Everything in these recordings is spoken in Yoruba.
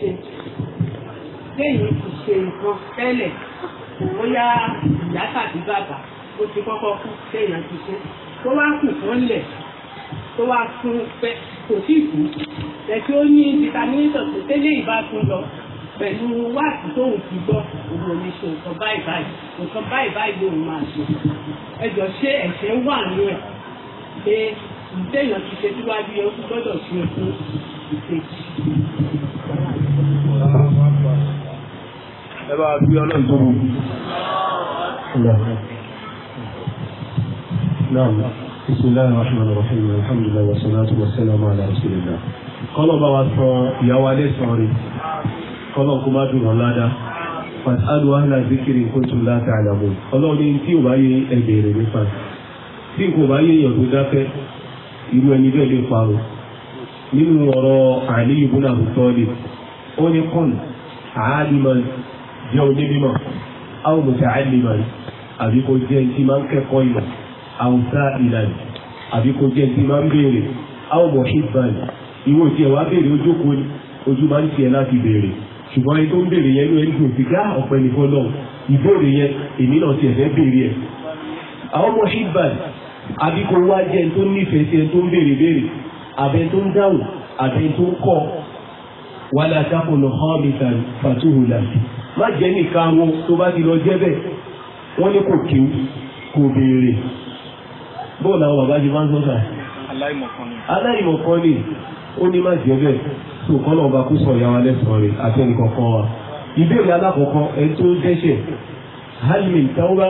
ṣe lẹ́yìn ti ṣe nǹkan tẹ́lẹ̀ bóyá ìyá tàbí bàbá ó ti kọ́kọ́ kú lẹ́yìn ti ṣe tó wá kù fún lẹ̀ tó wá fún pẹ́ kò sí ìkú lẹ́tí ó ní vitaminitọ̀ tó tẹ́lẹ̀ ìbá tún lọ pẹ̀lú wáàtí tóun ti gbọ́ òun ò ní ṣe nǹkan báyìí báyìí nǹkan báyìí báyìí lòun máa ṣe ẹjọ́ ṣé ẹ̀ṣẹ̀ wà nínú ẹ̀ pé ìtẹ̀yàn ti ṣe síwájú yẹn ó gbọ́dọ̀ ṣe fún ìkejì. ẹ bá bí ọlọ́run tó mú. نعم بسم الله الرحمن الرحيم الحمد لله والصلاة والسلام على رسول الله zikiri kótó láti àlàmù ọlọ́run ala ò bá yé ẹgbẹ̀rẹ̀ nípa tí kò bá yé èèyàn tó dákẹ́ irú ẹni bẹ́ẹ̀ ó ní kún àálìmọ̀ jẹ́ onímọ̀ àwọn mùtàálìmọ̀ àbí kò jẹ́ ti máa ń kẹ́kọ̀ọ́ ìmọ̀ àwọn sáà ìlànà àbí kò jẹ́ ti máa ń béèrè àwọn mọ̀ṣíbàn ìwọ tí ẹ wá béèrè ojókòó ni ojú máa ń tiẹ̀ láti béèrè ṣùgbọ́n ẹni tó ń béèrè yẹn ló ẹni tó ti gá ọ̀pẹ nìkan náà ìbéèrè yẹn èmi náà ti ẹ̀fẹ́ béèrè ẹ̀. àwọn mọ̀ṣíbàn àbí kò wá ẹni tó nífẹ̀ẹ́ sí ẹni tó ń béèrè béèrè àbẹ tó ń dáhùn àbẹ tó ń kọ́ wàlá takùnù hàmìtà fàtúhùlà má jẹ́ nìkan wọn tó bá ti lọ jẹ́ bẹ́ẹ̀ wọ́n ní kò kí kò béèrè bóò làwọn bàbá ti máa ń sọ́sà aláìmọ̀kan ni ó ní má jẹ́ bẹ́ẹ̀ tó kọ́ náà bá kó sọ ìyá wa lẹ́sọ̀ọ́ rẹ̀ àti ẹnìkọ̀ọ̀kan wa ìbéèrè alákọ̀ọ́kọ́ ẹni tó dẹ́ṣẹ̀ halmin tawba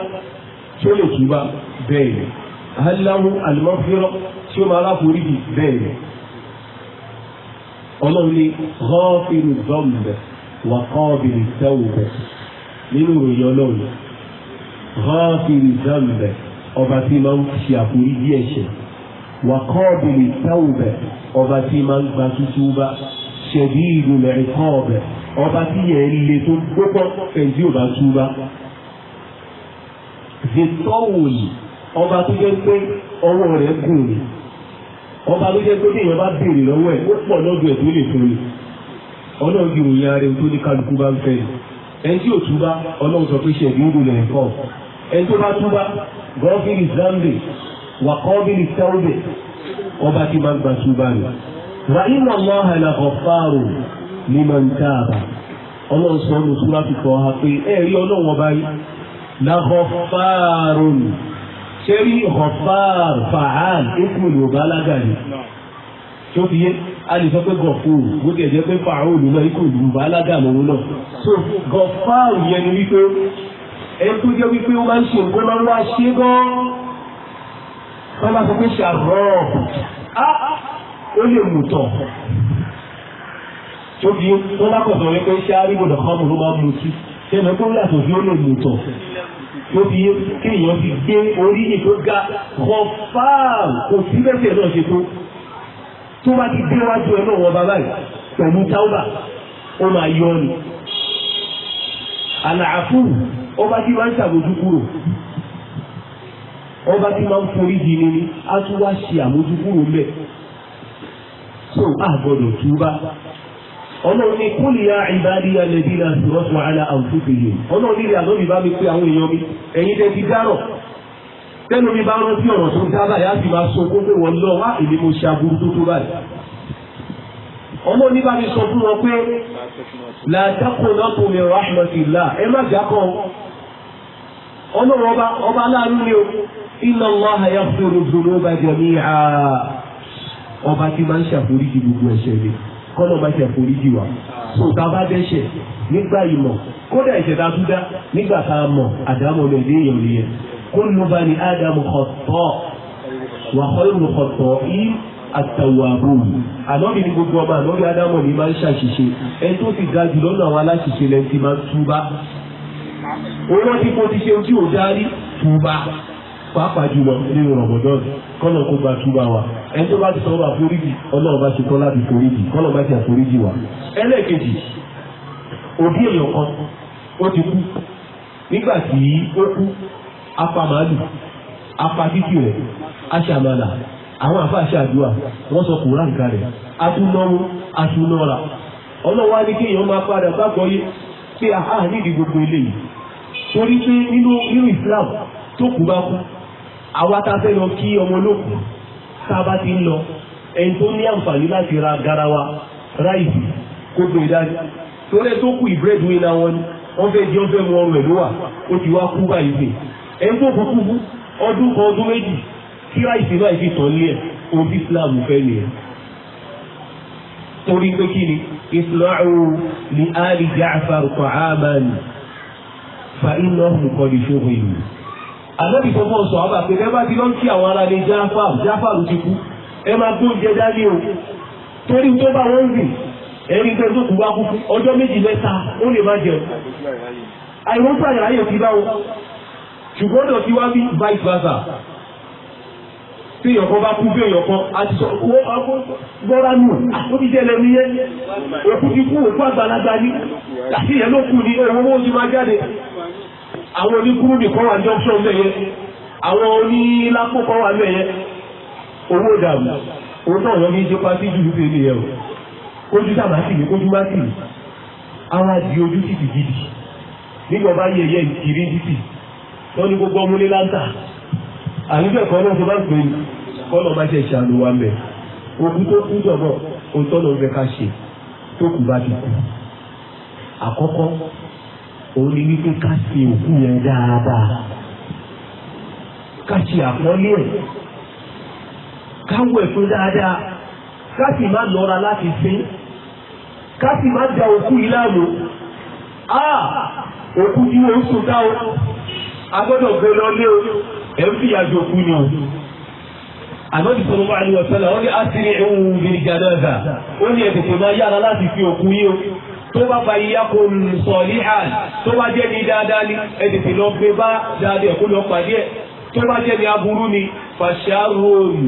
tí ó lè túbà bẹ́ẹ̀ ni halamu alimọ́fírọ́ tí ó máa ráforíjì bẹ́ẹ̀ ni ọlọ́run ní họ́ọ̀fìlù dọ́mbẹ̀ wà kọ́ọ̀bìlì tẹ́wùbẹ̀ nínú ìròyìn ọlọ́run họ́ọ̀fìlù dọ́mbẹ̀ ọba tí máa ń ṣe àforíjì ẹ̀ṣẹ̀ wà kọ́ọ̀bìlì tẹ́wùbẹ̀ ọba tí máa ń gba tuntun bá ṣẹ̀bí ìlú mẹ́rin kọ́ọ̀bẹ̀ ọba tí yẹn ń le tó gbogbo ẹ̀dí ò bá tú bá. zètọ́wòyì ọba tó jẹ́ pé ọwọ́ rẹ̀ gùn ni ọba ló jẹ́ pé bí èèyàn bá béèrè lọ́wọ́ ẹ̀ ó pọ̀ lọ́dún ẹ̀ tó lè fún mi ọlọ́run ju òyìn ara ẹ̀ tó ní kálukú bá ń fẹ́ ẹni tí ò túbá ọlọ́run sọ pé ṣe ẹ̀gbọ́n òdò lẹ̀ kọ́ ẹni tó bá túbá gọ́ọ̀fìlì zambe wàkọ́ọ̀bìlì sẹ́wọ̀bẹ ọba tí máa ń gba túbá rẹ̀ wà nínú àhàlà ọ̀fáàrò ní ṣẹ́rí gọ̀fàr fàán ismu ìwòbálágà ni tó fi yé a lè sọ pé gọ̀fúrù bó ti ẹ̀jẹ̀ pé fàán náà ikú ìwòbálágà lòun náà so gọ̀fàr yẹn ni wípé ẹni tó jẹ́ wípé ó máa ń ṣe nǹkan máa wá ṣe gan wọ́n máa sọ pé ṣàrọ́ọ̀bù á ó lè mú tọ̀ tó fi wọ́n bá kọ̀ wípé ṣáà rí gbọ́dọ̀ kọ́ mọ̀ ló máa ń mutí tẹnu kó yàtọ̀ bí ó lè lò tọ̀ tó fi kéèyàn fi gbé orí ní tó ga kọ fáàm kò sí bẹ́sẹ̀ náà ṣe tó tó bá ti dé wájú ẹ náà wọn bàbá yìí pẹ̀lú táwùbà ó máa yọ ni àlàáfù ọba tí máa ń ṣàbójú kúrò ọba tí máa ń forí di ni ni á tún wá ṣe àmójúkúrò mbẹ so a gbọ́dọ̀ ọlọ́run ní kúlì ya ìbádìí alẹ́bí náà sì rọ́ṣùn àlà àǹfùsì yìí ọlọ́run nílẹ̀ àlọ́bì bá mi pé àwọn èèyàn mi ẹ̀yin tẹ́ ti dárọ̀ tẹ́nu mi bá rántí ọ̀rọ̀ tó ń dábàá yá sì máa sọ kókó wọn lọ wá èmi mo ṣe aburú tó tó báyìí ọmọ ní bá mi sọ fún wọn pé làtàkùn náà tó mi rahmatillah ẹ má jà kàn ọlọ́run ọba ọba aláàánú ni o ọba tí máa ń ṣàforíjì gbogbo ẹ̀ṣẹ̀ mi kọ́nà máa ṣe foríjì wa so tá a bá dẹ́ṣẹ̀ nígbà ìmọ̀ kódà ẹ̀ṣẹ̀ tá a tún dá nígbà tá a mọ̀ àdámọ̀ lè dé èèyàn nìyẹn kullu bani ádámù kọ̀tọ̀ wà khayrul khatta'in àtàwàbùn ànọ́bì ní gbogbo ọmọ ànọ́bì ádámọ̀ ní máa ń ṣàṣìṣe ẹni tó ti ga jù lọ́nà àwọn aláṣìṣe lẹ́ni ti máa ń túbá owó tí mo ti ṣe ojú ò dárí túbá pàápàá jùlọ nínú rọ̀mọ̀dọ́n kọ́nà kó gba túbà wa ẹni tó bá ti sọ̀rọ̀ àforíjì ọlọ́run bá ti tọ́ láti foríjì kọ́nà bá ti àforíjì wa. ẹlẹ́ẹ̀kejì òbí èèyàn kan ó ti kú nígbà tí ó kú apá màálù apá títì rẹ̀ aṣàmàlà àwọn àfáàṣà àdúrà wọ́n sọ kùrán kalẹ̀ atúnáwó atúnára ọlọ́wọ́ á ní kéèyàn máa padà gbàgbọ́ yé pé àhá nídìí gbogbo eléyìí torí pé nínú nínú Islam tó kù bá kú àwa tá a fẹ́ lọ kí ọmọ olókùn tá a bá ti ń lọ ẹni tó ní àǹfààní láti ra garawa ráìsì kó gbé e dání torí ẹ tó kù ìbúrẹ́dù iná wọn ni wọ́n fẹ́ di wọ́n mu ọrùn ẹ̀ ló ó ti wá kú báyìí pé ẹni tó kú kú ọdún kan ọdún méjì kí ráìsì náà fi tàn lé ẹ̀ ohun Islam fẹ́ nìyẹn torí pé kí ni ìsìláàrù ní àlì Ja'far ta'aman fa innahum qad shuhidu ànábì tó fọ́ sọ àbà pé bẹ́ẹ̀ bá ti lọ sí àwọn ará ní jáfàrù jáfàrù ti kú ẹ máa gbó oúnjẹ dání o torí tó bá wọn rìn ẹni tó tó kú bá kú ọjọ́ méjì mẹ́ta ó lè má jẹun àìwọ́n pàdé ayé ti bá wọn ṣùgbọ́n náà ti wá bí vice versa tí èèyàn kan bá kú bí èèyàn kan a ti sọ owó gbọ́ra nù ah, ó ti jẹ́lẹ̀ ní yẹn òkú ti kú òkú àgbàlagbà ní àti ìyẹn ló kù ní ẹ̀rọ owó ti máa jáde àwọn oníkúrú nìkan wà ní option bẹ́ẹ̀ yẹn àwọn onílápò kan wà bẹ́ẹ̀ yẹn owó dàmú owó náà yọ méje pàtí jù lóṣèlú ilé yẹn o ojú sábà sì ní ojú má sì ní ara di ojú sì ti gidi nígbà bá yẹ yẹ ìkiri títì wọn ní gbogbo ọmọlé láńtà àyíkẹ́ kan náà tó bá pè é kọ́nà má ṣe ṣàlù wa mẹ́ ogun tó kú jọ̀bọ̀ òtọ́nà ń bẹ ká ṣe tó kù bá ti kú àkọ́kọ́ òun ni wípé ká ṣe òkú yẹn dáadáa ká ṣe àpọ́nlé ẹ̀ ká wẹ̀ fún dáadáa ká sì má lọ́ra láti sin ká sì má da òkú yìí láàmú a òkú tí sùn o gbé lọ o ẹ̀ ń fìyà òkú ni o ànábì sọ̀rọ̀ wà ní ọ̀sẹ̀ la wọ́n ní asiri ẹ̀hún bíi ó fi òkú yìí o. tó bá fa ìyá kò ń sọ ní tó bá jẹ́ ní dáadáa ni ẹ lọ gbé bá dáadáa kó lọ pàdé ẹ̀ tó bá jẹ́ ní aburú ni fàṣàrùn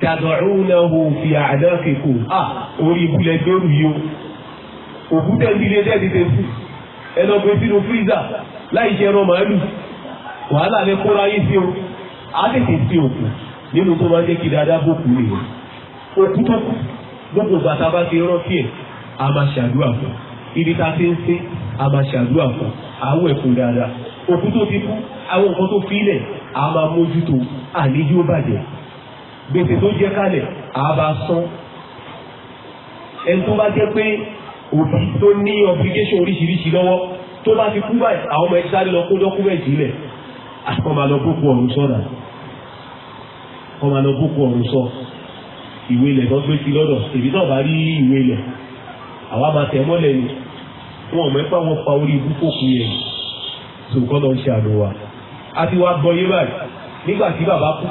tàdọ̀rùnàhù fi àdáfẹ́kù à orí ibùlẹ̀ dọ́rù yìí o òkúta ìdílé dẹ́ẹ̀dì tẹ̀ fún sínú fírísà láì jẹ́ ẹran màálù wàhálà a máa ibi tá a ti ń sin a máa ṣàdúrà fún àwọn ẹ̀kọ́ dáadáa òkú tó ti kú àwọn nǹkan tó filẹ̀ a máa mójútó àníjú ó bàjẹ́ gbèsè tó jẹ́ kalẹ̀ a bá san ẹni tó bá jẹ́ pé òbí tó ní obligation oríṣiríṣi lọ́wọ́ tó bá ti kú báyìí àwọn ọmọ ẹ̀ṣá lọ kó dọ́kúmẹ̀tì lẹ̀ àwọn máa lọ bókú ọ̀run sọ́nà wọ́n máa lọ ọ̀run sọ ìwé ilẹ̀ tó gbé sí lọ́dọ̀ èyí náà bá rí ìwé ilẹ̀ àwa máa tẹ̀ mọ́lẹ̀ ni wọn ò mẹ́fà wọn pa orí ibú fòkú yẹn tòkọ́ lọ ń ṣe àná wa a ti wá gbọ́ yé báyìí nígbà tí bàbá kú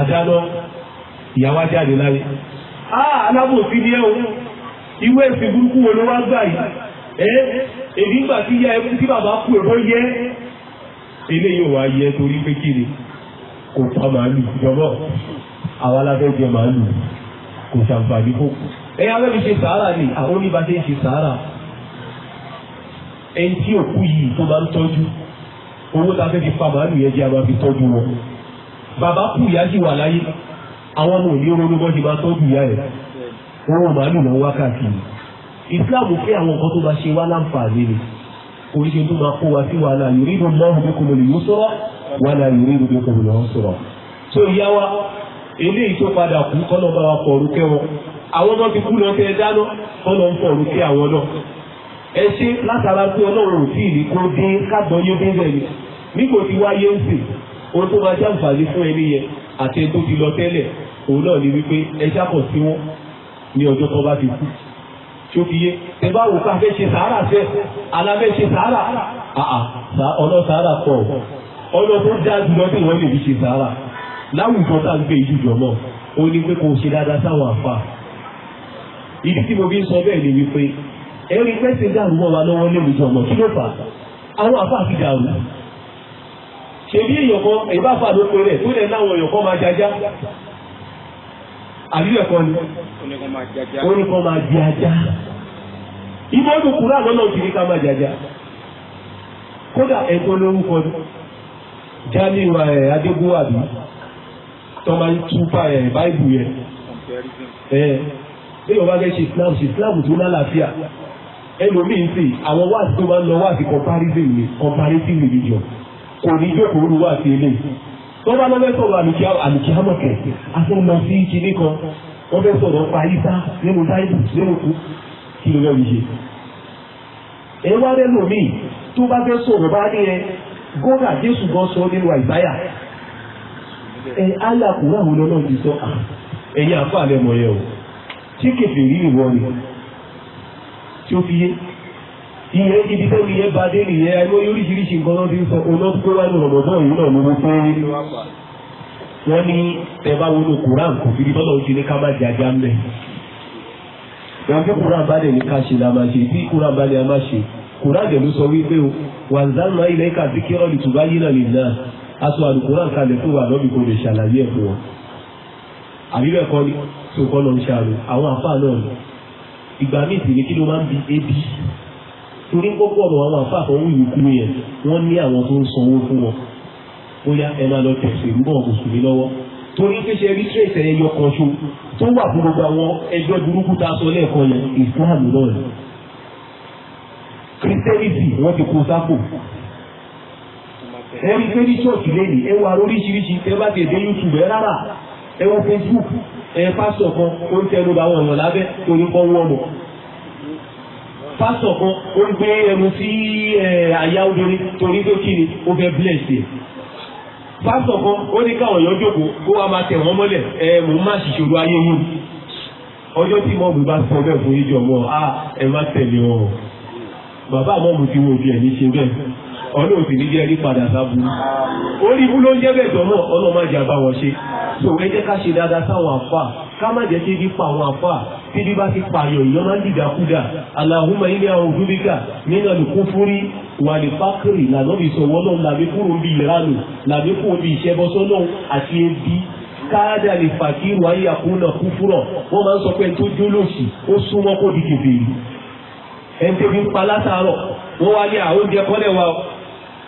àdáná ìyàwó ajáde láyé alábòsí ni ẹ o ìwé ẹ̀sìn burúkú wo ló wá gbà yìí ẹ èmi gbà tí yá ẹkú tí bàbá kú ẹ̀rọ yẹ eléyìí ò wá yẹ torí pé kíni kò pa màálù jọmọ àwa la fẹ́ jẹ màálù kò ṣàǹfààní fòkù ẹ̀yà lẹ́bi ṣe sàárà ni àwọn oníbà ṣe ń ṣe sàárà ẹni tí òkú yìí tó bá ń tọ́jú owó tá a fẹ́ fi fa màálù yẹn jẹ́ a máa fi tọ́jú wọn bàbá kù ìyá sì wà láyé àwọn ọmọ òní ronú bọ́ ṣe máa tọ́jú ìyá ẹ̀ wọn màálù náà wákàtí Islam fẹ́ àwọn nǹkan tó bá ṣe wá láǹfààní ni oríṣi tó máa kó wa sí wàhálà yìí rí lọ́wọ́ bí kò lè yóò sọ̀rọ̀ wàhálà yìí rí bí kò lè yóò sọ̀rọ̀ tó yá wa eléyìí tó padà kú kọ́ àwọn ọmọ ti kú lọ fẹ́ dáná tọ́lọ ń fọ̀rù sí àwọn náà ẹ ṣe látara pé ọlọ́run ò tí ì ní kó dé kágbọ́n yóò dé bẹ́ẹ̀ ni nígbò tí wáyé ń sè ohun tó máa jàǹfààní fún ẹni yẹn àti ẹni tó ti lọ tẹ́lẹ̀ òun náà ni wípé ẹ ṣàkọ̀ sí wọn ní ọjọ́ tó bá fi kú ṣókìyé ẹ bá wò ká fẹ́ ṣe sàárà fẹ́ aláfẹ́ ṣe sàárà ọlọ́ sàárà pọ̀ ọlọ́ tó dáa jùlọ tí wọ́n lè fi ṣe sàárà láwùjọ tá à ń gbé ìjújọ náà ó ní pé kò ṣe dáadáa sáwọn àfa ìdí tí mo fi ń sọ bẹ́ẹ̀ ni wípé ẹ̀rí pẹ́sẹ̀ dàrú mọ́ wa lọ́wọ́ lórí ìjọba kí ló fà àwọn àfa àti dàrú ṣèbí èèyàn kan ẹ̀bá àfa ló pe rẹ̀ tó lẹ̀ láwọn èèyàn kan máa jajá àbílẹ̀ kan ni orí kan máa di ajá ìmọ̀ ọdún kúrò àlọ́ náà kiri ká máa jajá kódà ẹ̀kọ́ lórúkọ ni jamiu ẹ̀ eh, adégúnwàbí tó máa ń túbà ẹ̀ eh, báìbù yẹn bí wọ́n bá fẹ́ ṣe islam ṣe islam tó lálàáfíà ẹlòmíín sì àwọn wáàsí tó máa ń lọ wáàsí comparison ni comparative religion kò ní jókòó lu wáàsí eléyìí tó bá lọ́fẹ́ sọ̀rọ̀ àlùkìámọ̀kẹ́ afẹ́mọ̀ sí kinní kan wọ́n fẹ́ sọ̀rọ̀ pa isa nínú bible nínú kú kí ló lọ́ọ́ yìí ṣe. ẹ wá lẹ́lòmíì tó bá fẹ́ sọ̀rọ̀ bá ní ẹ gómà jésù gan sọ nínú àìsáyà ẹ áyà kúrò àwọn ọlọ́run ti sọ ah, ẹ̀yìn àfọ àlẹ́ mọ̀ yẹn o ṣé kèfèrí ìwọ ni tí ó fi yé ìyẹn ibi tó ìyẹn bá dé nìyẹn àìmọye oríṣiríṣi nǹkan náà ti ń sọ olóńgbéwá ní ọ̀nàmọ́tò yìí náà ló mú pé wọ́n ní ẹ bá wọnú Quran kò fi tọ́lọ̀ ojú ní ká má jẹ ajá ń bẹ̀. wọ́n fi Quran bá ní ká ṣe la máa ṣe tí Quran bá dẹ̀ a máa ṣe Quran dẹ̀ ló sọ wípé o wàzánà ilẹ̀ kàdíkẹ́rọ̀ lè tùbá yín náà lè náà aṣọ àlùkò náà kalẹ̀ fún wa lọ́bì àbíbẹ̀ kọ́ ni tó kọ́ lọ ń ṣàrò àwọn àfáà náà ni ìgbà míì sì ni kí ló máa ń bi ebi torí gbogbo ọ̀rọ̀ àwọn àfáà kan wúyì kú yẹn wọ́n ní àwọn tó ń sanwó fún wọn bóyá ẹ máa lọ tẹ̀sí ń bọ̀ mùsùlùmí lọ́wọ́ torí pé ṣe rí tírèsì ẹyọ kan ṣo tó wà fún gbogbo àwọn ẹjọ́ burúkú tá a sọ lẹ́ẹ̀kan yẹn ìsìláàmù náà ni kristẹniti wọ́n ti kó sápò ẹ̀rí pé ní ṣọ́ọ̀ṣì lẹ́yìn ẹ lóríṣiríṣi tẹ́ bá ti dé YouTube ẹ rárá ẹ wọ facebook ẹ pásítọ̀ kan ó ń tẹnu bá wọn lábẹ́ torí kọ́ wọ́n mọ̀ pásítọ̀ kan ó ń gbé ẹnu sí àyà obìnrin torí tó kí ni ó fẹ́ bless yẹ pásítọ̀ kan ó ní káwọn èèyàn jókòó kó wa máa tẹ̀ wọ́n mọ́lẹ̀ ẹ mò ń má ṣìṣòro ayé yìí ọjọ́ tí mọ́ọ̀mù bá sọ bẹ́ẹ̀ fún yíjọ mọ́ ah, ẹ má tẹ̀lé wọn bàbá mọ́ọ̀mù mo bí ẹ̀ ní ṣe bẹ́ẹ̀ ọ̀nà òsì ní jẹ́ rí padà sábúrú orí ibú ló ń jẹ́ bẹ̀tọ̀ náà ọ̀nà má bá wọn ṣe so ẹ jẹ́ ká ṣe dáadáa sáwọn àfà ká má jẹ́ kí ipa àwọn àfà tí bí bá ti pààyàn èèyàn máa ń dìdàkúdà aláhùnmá ilé àwọn òdúbíkà nínú àlùkúfúrí wà ní fákìrì lànà bí sọ̀wọ́ náà làbí kúrò bí ìranù làbí kúrò bí ìṣẹ́bọsọ́ náà àti ebi káàdà lè fàkírù ayé àkúnà kúfúrọ̀ wọ́n máa ń sọ pé tó jólóòsì ó súnmọ́ kó di kèfèrí ẹni ń pa látàárọ̀ wọ́n wá ní àwọn oúnjẹ kọ́lẹ̀ wa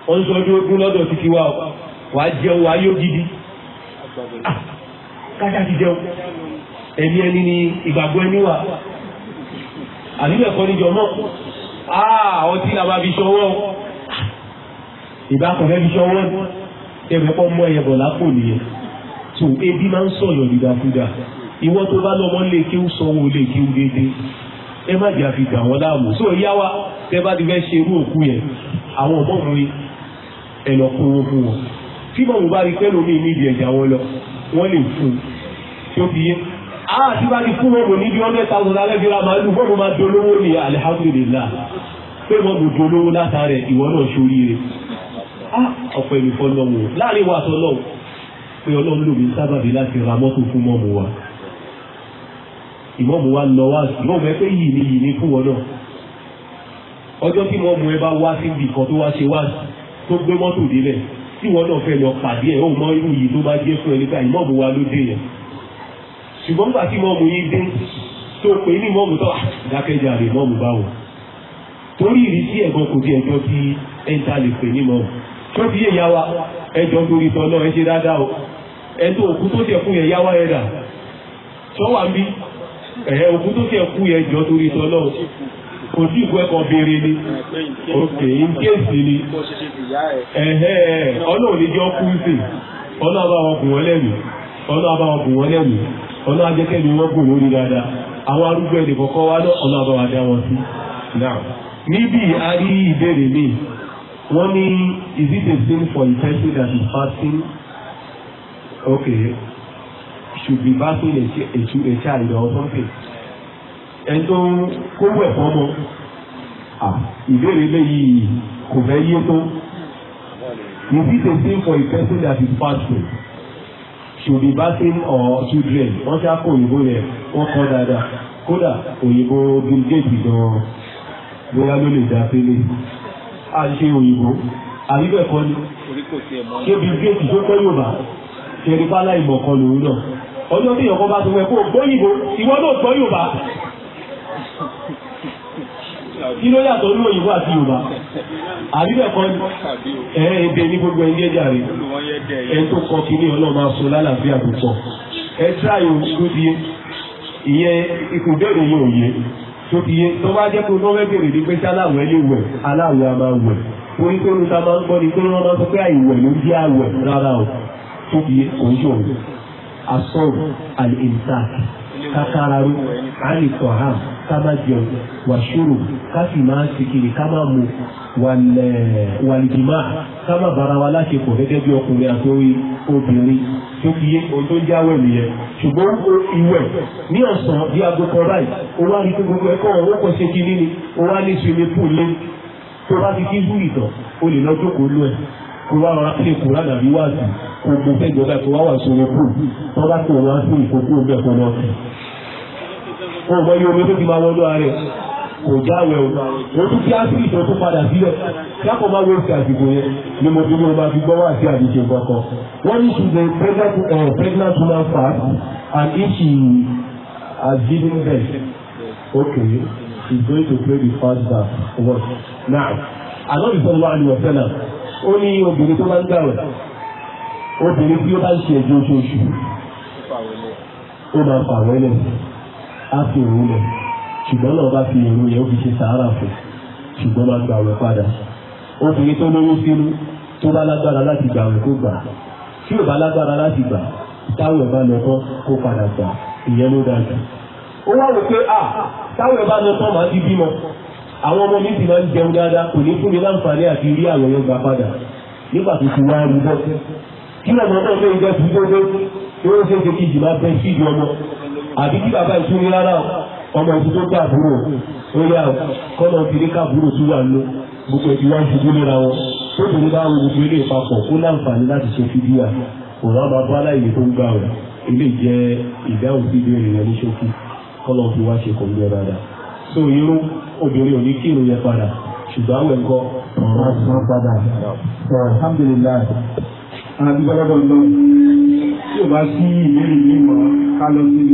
wọ́n sọ ọdún ogún lọ́dọ̀ títí wa o wàá jẹun wàá yóò gidi ah, káṣá ti jẹun ẹ̀mí ẹni ni ìgbàgbọ́ ẹni wà àbílẹ̀ kọ́ níjọ náà ah, ọtí làwọn àbí sọwọ́ ìbákọ̀ọ́fẹ́ fi sọwọ́ ẹ̀rẹ̀ pọ́ mọ́ ẹ̀yẹ bọ̀ lápò nìyẹn tó ebi máa ń sọ̀yọ̀ dídákúdá ìwọ tó bá lọ́mọ lè kí ń sanwó lè kí ń dédé ẹ má jẹ́ àfi dà wọ́n láàmú sóò yá wa tẹ́ bá ti fẹ́ ṣerú òkú yẹn àwọn ọmọ mi ẹ̀nà kúrú fún wọn tí mọ̀mù bá rí pẹ́lú mi nídìí ẹ̀jà wọn lọ wọ́n lè fún un tí ó fi yé àá tí bá ti fún mọ̀mù níbi hundred thousand alẹ́bíra máa lù mọ̀mù máa dolówó ní alihamudulilá pé mọ̀mù dolówó látàrẹ ìwọ náà ṣoríire ọ̀pọ̀ ẹ̀mí fọ́ lọ́wọ́ láàrin wa sọ lọ́wọ́ pé ọlọ́run lòmí sábàbí láti ra mọ́tò fún mọ́mù wa ìmọ̀mù wa lọ wá ìmọ̀mù ẹ pé yìí ni yìí ni fún wọn náà ọjọ́ tí mọ́mù ẹ bá wá síbi kan tó wá ṣe wá sí tó gbé mọ́tò débẹ̀ tí wọ́n náà fẹ́ lọ pàdé ẹ̀ ó mọ irú yìí tó bá jẹ́ fún ẹni báyìí mọ́ọ̀mù wa ló dé yẹn ṣùgbọ́n gbà tí mọ́ọ̀mù yìí dé tó pè ní mọ́ọ̀mù tó ah, dákẹ́jàre mọ́ọ̀mù báwo torí ìrísí ẹ̀gbọ́n kò di ẹjọ́ tí ẹ̀ńtà lè pè ní mọ́ọ̀mù tó fi yé yá wa ẹjọ́ torí tọ́ náà ẹ ṣe dáadáa o ẹ tó òkú tó tẹ̀ fún yẹn yá wa ẹ̀ dà tọ́wà ń bí ẹ̀ òkú tó tẹ̀ fún yẹn jọ torí tọ́ náà kò sí ìwé béèrè ni ok nkéèsì ni ọlọ́run ní jọ kú sí ọlọ́run bá wọn gùn wọn lẹ́nu ọlọ́run bá wọn wọn lẹ́nu ọlọ́run ajẹ́kẹ́ni wọn gùn lórí dáadáa àwọn arúgbó ẹnì kọ̀ọ̀kan wá a ìbéèrè mi wọ́n ní is it a sin for a person that is fasting okay should be fasting etu ẹni tó ń kówó ẹ̀fọ́ mọ́ ìbéèrè léyìí kò fẹ́ yé tó is it a thing for a person that is fasting should be bathing or children wọ́n ṣe àpò òyìnbó yẹn wọ́n kọ́ dáadáa kódà òyìnbó bill gates gan-an bóyá ló lè dá sílé à ń ṣe òyìnbó àbíbẹ̀ kọ́ ni ṣé bill gates tó kọ́ yorùbá ṣe eré fáláì mọ̀ọ́kọ́ lòun náà ọjọ́ tí ìyọ̀kọ́ bá ti wẹ̀ kó gbọ́ òyìnbó ìwọ náà gbọ́ yorùbá kí ló yàtọ̀ ní òyìnbó àti yorùbá àbíbẹ̀kọ ẹ̀ ebè ní gbogbo ẹni ẹ̀jẹ̀ rẹ̀ ẹ̀ tó kọ kíní ọlọ́run máa sọ lálàáfíà tó sọ ẹ̀ tíráyò tó di ìyẹn ikú bẹ́ẹ̀ ni òye tó di yé tó bá jẹ́ pé wọ́n fẹ́ bèrè ní pé sí aláwọ̀ ẹ̀ lè wẹ̀ aláwọ̀ a máa wẹ̀ orí tó ń ta máa ń gbọ́ ni pé wọ́n máa sọ pé àìwẹ̀ ló jẹ́ àwẹ̀ rárá o tó di yé òun yóò kásáraru àlè sọ̀hà kábàjọ wàṣúrò káfí máa ṣe kiri kábà mu wàlìdìmá kábà bára wa láṣepọ̀ gẹ́gẹ́ bí ọkùnrin àti obìnrin tó fi yé ohun tó jáwé nìyẹn ṣùgbọ́n ìwẹ̀ ní ọ̀sán bí aago kan báyìí ó wá rí pé gbogbo ẹ̀kọ́ ọ̀hún kò ṣe kí nínú ó wá ní swimming pool lé tó bá fi kí zúrì tán o lè lọ jókòó lú ẹ̀ kó wá wá sí èkó lánàá bí wá sí gbogbo fẹjọba kù wọn bá wá sí ìkókó bẹ́ẹ̀ kó lọ sí. wọn gbọ́ yóò mi tó ti máa wọnú ààrẹ kò jáwé o o tún kí á tó padà sílẹ̀ yàtọ̀ máa wọ́n fi àsìkò yẹn ni mo fi máa fi gbọ́ wá àdìsẹ́ kankan. wọ́n ní ṣùgbọ́n pregnant uh, pregnant woman fast and if she has given birth okay she is going to pray the fast back. now I another one was said na ó ní obìnrin tó bá ń gbàwẹ̀ obìnrin tí ó bá ń ṣe ẹ̀jẹ̀ oṣooṣù ó máa fà wẹ́lẹ̀ á fi òun lẹ̀ ṣùgbọ́n náà bá fi èrò yẹn ó fi ṣe sàárà fún ṣùgbọ́n máa gbàwẹ̀ padà obìnrin tó lóyún sínú tó bá lágbára láti gbàwẹ̀ kó gbà tí ò bá lágbára láti gbà táwọn bá lọ tán kó padà gbà ìyẹn ló dájú. ó wá wò pé à táwọn bá lọ tán màá ti bímọ àwọn ọmọ mi sì máa ń jẹun dáadáa kò ní fún mi láǹfààní àti rí àwọn yẹn gbà padà nígbà tó ti wá rú bọ́ kí ọmọ náà lè jẹ́ fún gbogbo tí ó ṣe é ṣe kí ìjì máa bẹ́ sí ìjì ọmọ àbí kí bàbá ìtúni rárá ọmọ ìtúni tó dàbúrò ó yà kọ́nà òfin káàbúrò tún wà ló gbogbo ẹbí wá ń ṣubú léra wọn tó tòun bá wo gbogbo ilé ìpapọ̀ ó láǹfààní láti ṣe fídíà òun á máa bá láìlè tó ń gbà rẹ̀ ilé jẹ́ ìdáhùn sí so irun obìnrin ò ní kí irun yẹn padà ṣùgbọ́n àwọn ẹ̀kọ́. ọ̀rọ̀ sọ padà alhamdulilayi alhamdulilayi lọ tí o bá sí ìbéèrè mímọ́ ká lọ sí i.